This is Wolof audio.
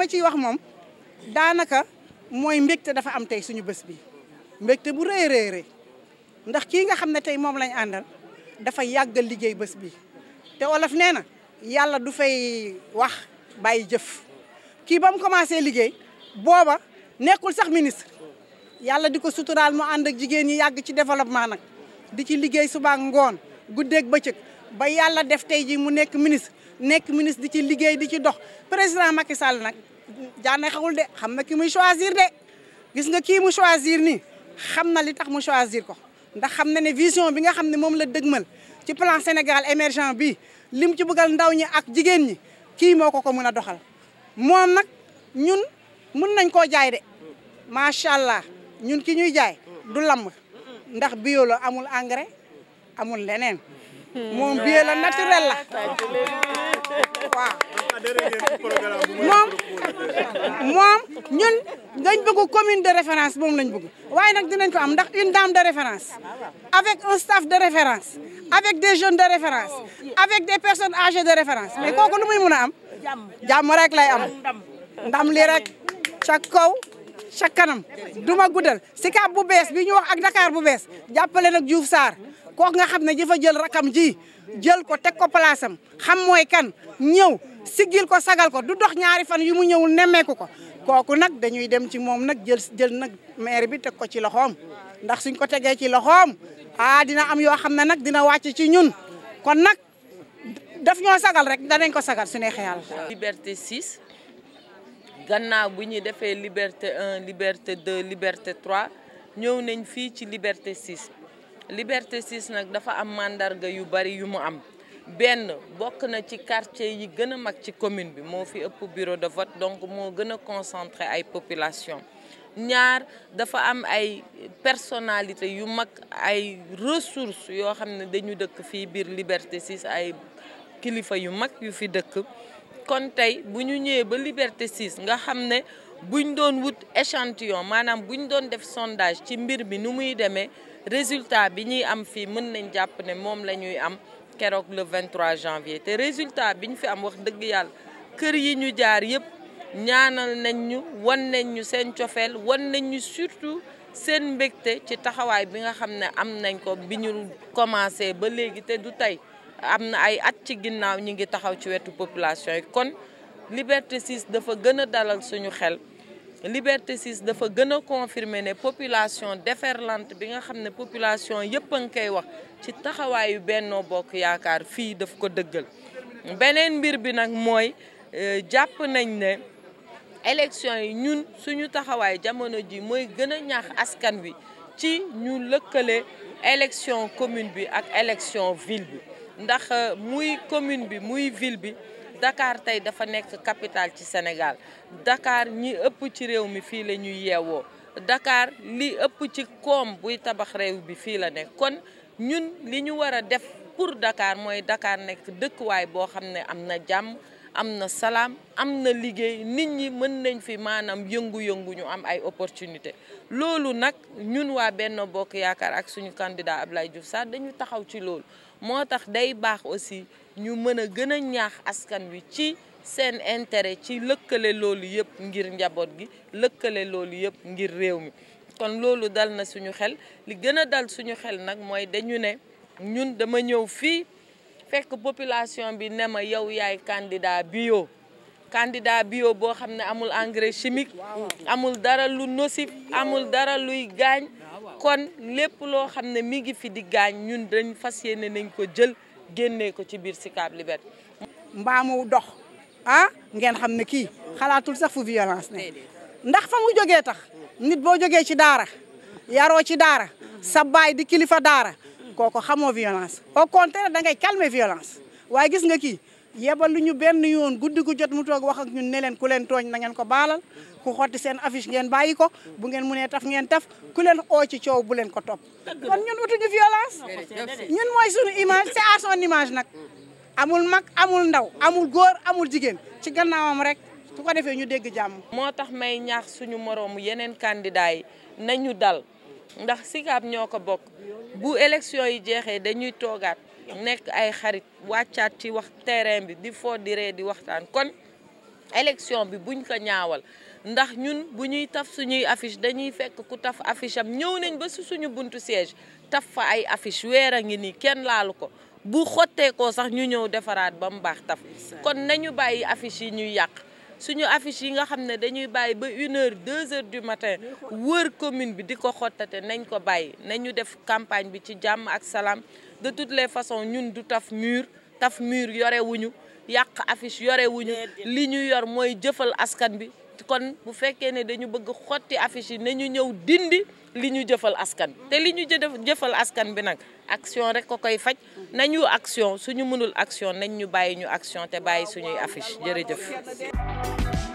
ma ciy wax moom daanaka mooy mbégte dafa am tey suñu bés bi mbégte bu rëy rëy rëy ndax kii nga xam ne tey moom lañ àndal dafa yàggal liggéey bés bi te olof nee na yàlla du fay wax bàyyi jëf kii ba mu commencé liggéey booba nekkul sax ministre yàlla di ko sutural mu ànd ak jigéen ñi yàgg ci développement nag di ci liggéey suba gu dég ba bëccëg ba yàlla def tey ji mu nekk ministre nekk ministre di ci liggéey di ci dox président Macky Sall nag jaane xawul de xam na ki muy choisir de gis nga kii mu choisir nii xam na li tax mu choisir ko ndax xam na ne vision bi nga xam ne moom la dëgmal ci plan Sénégal émergent bi lim ci bëggal ndaw ñi ak jigéen ñi kii moo ko ko mën a doxal moom nag ñun mun nañ koo jaay de macha allah ñun ki ñuy jaay du lamb ndax biolo amul engrais amul leneen moom biee la naturel la waaw moom moom ñun dañ bëgg commune de référence moom lañ bëgg waaye nag dinañ ko am ndax une dame de référence avec un staff de référence avec des jeunes de référence avec des personnes âgées de référence mais kooku lu muy mën am jàmm rek lay am ndam li rek ca kaw ca kanam duma guddal si bu bees bi ñu wax ak Dakar bu bees jàppale nag Diouf Sarr kooku nga xam ne dafa jël rakam ji jël ko teg ko place xam mooy kan ñëw siggil ko sagal ko du dox ñaari fan yu mu ñëwul nemmeeku ko kooku nag dañuy dem ci moom nag jël jël nag maire bi teg ko ci loxoom ndax suñ ko tegee ci loxoom ah dina am yoo xam ne nag dina wàcc ci ñun kon nag daf ñoo sagal rek danañ ko sagal su neexee yàlla. liberté 6 gannaaw bu ñu defee liberté un liberté 2 liberté 3 ñëw nañ fii ci liberté 6. Liberté 6 nag dafa am màndarga yu bari yu mu am benn bokk na ci quartier yi gën a mag ci commune bi moo fi ëpp bureau de vote donc moo gën a concentré ay population ñaar dafa am ay personnalité yu mag ay ressources yoo xam ne dañu dëkk fii biir Liberté 6 ay kilifa yu mag yu fi dëkk kon tey bu ñu ñëwee ba Liberté 6 nga xam ne buñ doon wut échantillon maanaam buñ doon def sondage ci mbir mi nu muy demee résultat bi ñuy am fii mën nañ jàpp ne moom la ñuy am keroog le 23 janvier te résultat bi ñu fi am wax dëgg yàlla kër yi ñu jaar yëpp ñaanal nañ ñu wan nañ ñu seen cofeel wan nañ surtout seen mbégte ci taxawaay bi nga xam ne am nañ ko bi ñu commencé ba léegi te du tey am na ay at ci ginnaaw ñi ngi taxaw ci wetu population yi kon Liberté 6 dafa gën a dalal suñu xel Liberté 6 dafa gën a confirmer ne population déferlante bi nga xam ne population yëpp a ngi koy wax ci taxawaayu Benno Bokk Yaakaar fii daf ko dëggal beneen mbir bi nag mooy euh, jàpp nañ ne élection yi ñun suñu taxawaay jamono ji mooy gën a ñaax askan wi ci ñu lëkkale élection commune bi ak élection ville bi ndax euh, muy commune bi muy ville bi dakaar tey dafa nekk capital ci Sénégal Dakar ñi ëpp ci réew mi fii la ñuy yeewoo Dakar li ëpp ci koom buy tabax réew bi fii la nekk kon ñun li ñu war a def pour dakaar mooy dakaar nekk dëkkuwaay boo xam ne am na jàmm am na salaam am na liggéey nit ñi mën nañ fi maanaam yëngu-yëngu ñu am ay opportunité loolu nag ñun waa benn Bokk Yaakaar ak suñu candidat lay Diouf Sarr dañu taxaw ci loolu moo tax day baax aussi ñu mën a gën a ñaax askan wi ci seen intérêt ci lëkkale loolu yëpp ngir njaboot gi lëkkale loolu yëpp ngir réew mi kon loolu dal na suñu xel li gën a dal suñu xel nag mooy dañu ne ñun dama ñëw fii fekk population bi ne ma yow yaay candidat bio candidat bio boo xam ne amul engrais chimique amul dara lu nocif amul dara luy gaañ kon lépp loo xam ne mi ngi fi di gaañ ñun dañ fas yéene nañ ko jël génnee ko ci biir si Liberté mbaa mu dox ah ngeen xam ne kii xalaatul sax fu violence ne ndax fa mu jógee tax nit boo jogee ci daara yaroo ci daara sa di kilifa daara ko xamoo violence au contraire da ngay calmer violence waaye gis nga kii yebal lu ñu benn yoon guddi gu jot mu toog wax ak ñun ne leen ku leen tooñ na ko baalal ku xotti seen affice ngeen bàyyi ko bu ngeen munee taf ngeen taf ku leen oo ci coow bu leen ko topp kon ñun utuñu violence ñun mooy suñu image c'est à son image nag amul mag amul ndaw amul góor amul jigéen ci gannaawam rek su ko defee ñu dégg jàmm moo tax may ñaax suñu moroomu yeneen candidat yi nañu dal ndax Sicap ñoo ko bokk bu élection yi jeexee dañuy toogaat nekk ay xarit wàccaat ci wax terrain bi di foo di ree di waxtaan kon élection bi buñ ko ñaawal ndax ñun bu ñuy taf suñuy affiche dañuy fekk ku taf affiche am ñëw nañ ba si suñu buntu siège taf fa ay affiche weer a ngi nii kenn laalu ko bu xotteekoo sax ñu ñëw defaraat ba mu baax taf kon nañu bàyyi affiche yi ñuy yàq suñu affiche yi nga xam ne dañuy bàyyi ba une heure deux du matin wër commune bi di ko xottate nañ ko bàyyi nañu def campagne bi ci jàmm ak salaam de toutes les façons ñun du taf mur taf mur ñu yàq affiche yorewuñu li ñu yor mooy jëfal askan bi kon bu fekkee ne dañu bëgg xotti affiche yi nañu ñëw dindi li ñu jëfal askan te li ñu jëfal askan bi nag action rek ko koy faj nañu action suñu mënul action nañ ñu bàyyi ñu action te bàyyi suñuy affiche jërëjëf